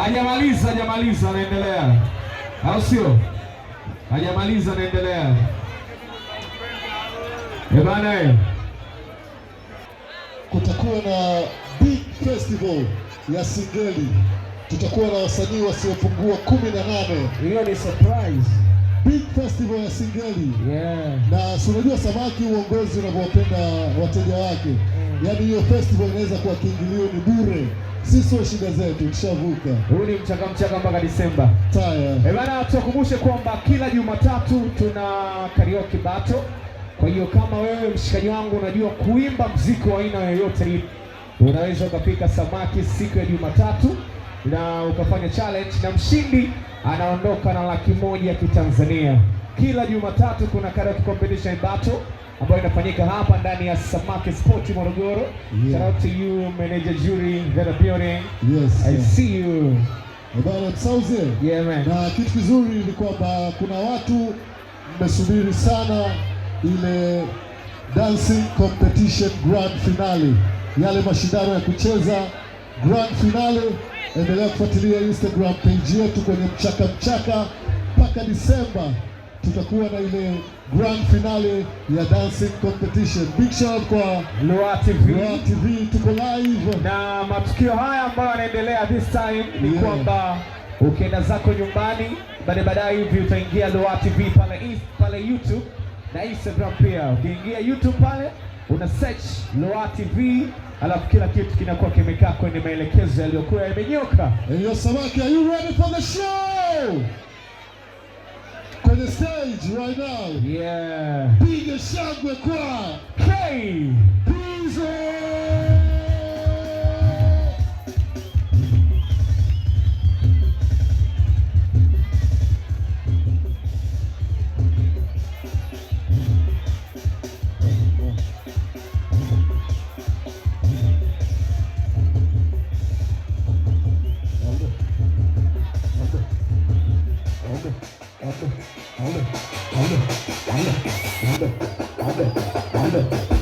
hajamaliza, hajamaliza, anaendelea, au sio? Hajamaliza, anaendelea. Ebana, kutakuwa na big festival ya singeli, tutakuwa na wasanii wasiopungua kumi na nane. Hiyo ni surprise big festival ya singeli yeah. Na si unajua samaki uongozi unavyopenda wateja wake, mm. yaani hiyo festival inaweza kuwa kiingilio ni bure. Sio shida zetu, tushavuka. Huu ni mchaka mchaka mpaka Disemba. Eh bana, tuwakumbushe kwamba kila Jumatatu tuna karaoke battle. Kwa hiyo kama wewe mshikaji wangu unajua kuimba mziki wa aina yoyote, unaweza ukapika samaki siku ya Jumatatu na ukafanya challenge, na mshindi anaondoka na laki moja ya Kitanzania. Kila Jumatatu kuna karaoke competition battle ambayo inafanyika hapa ndani ya Samaki Sport Morogoro. Yeah. Shout out to you manager Juri Vera appearing. Yes. I yeah. see you. Bwana Tsauze. Yeah man. Na kitu kizuri ni kwamba kuna watu mmesubiri sana ile dancing competition grand finale, yale mashindano ya kucheza grand finale. Endelea kufuatilia Instagram page yetu kwenye mchaka mchaka mpaka Disemba tutakuwa na ile grand finale ya dancing competition. Big shout kwa Lua TV. Lua TV tuko live, na matukio haya ambayo yanaendelea this time ni yeah, kwamba ukienda zako nyumbani baada baadaye hivi utaingia Lua TV pale East, pale YouTube na Instagram pia. Ukiingia YouTube pale una search Lua TV alafu kila kitu kinakuwa kimekaa kwenye maelekezo yaliyokuwa yamenyoka. Samaki, are you ready for the show? the stage right now. Yeah. Biggest Shangri Choir. Hey! Bán được, b á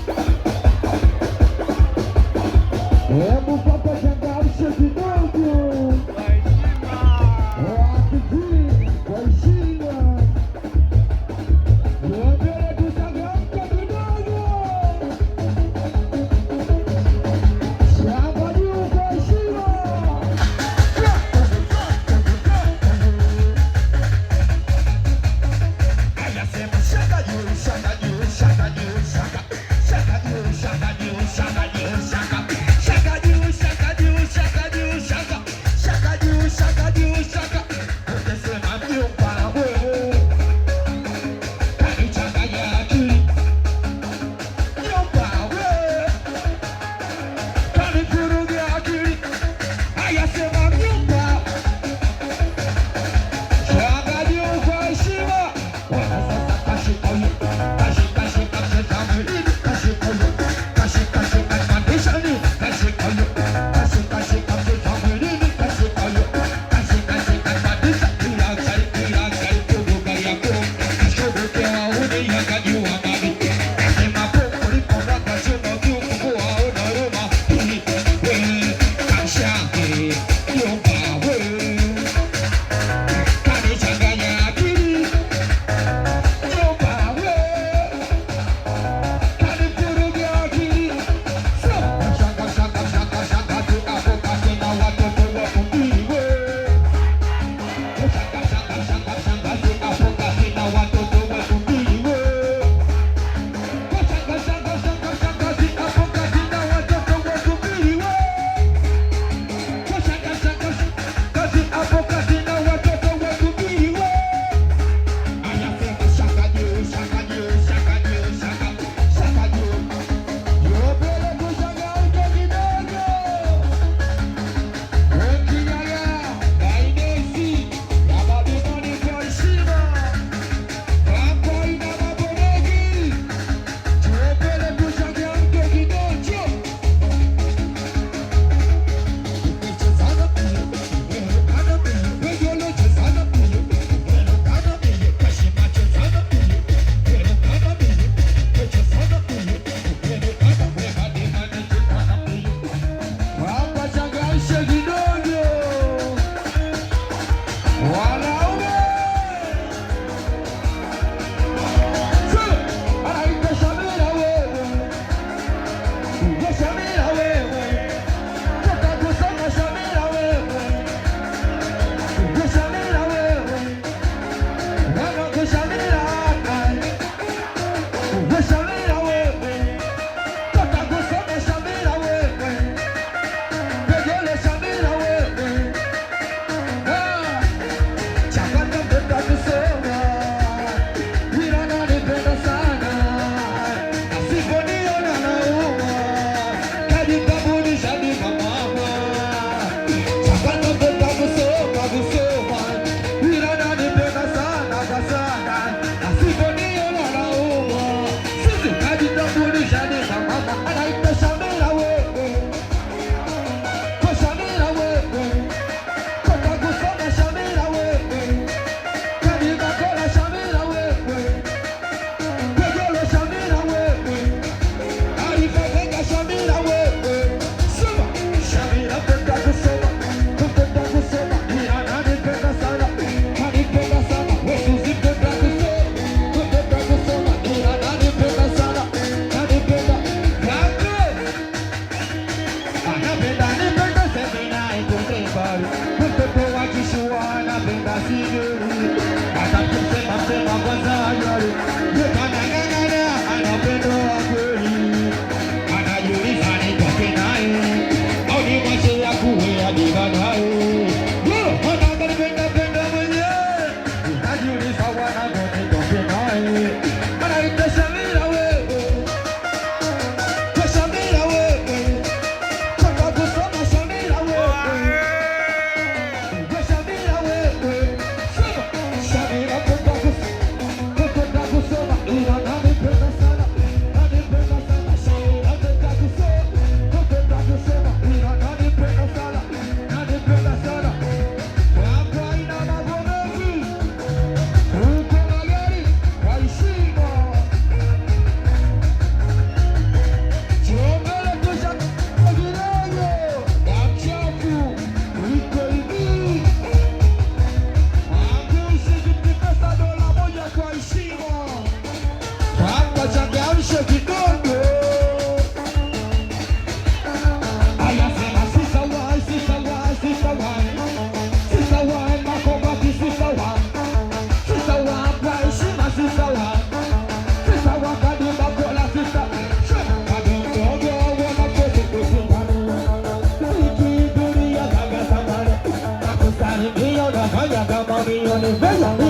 unaniweza ni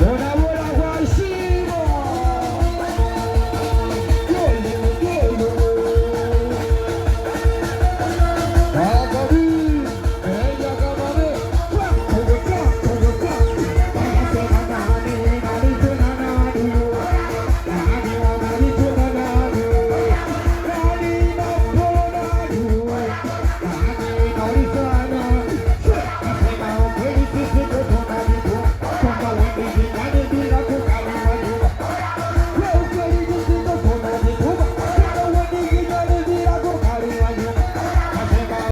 They're not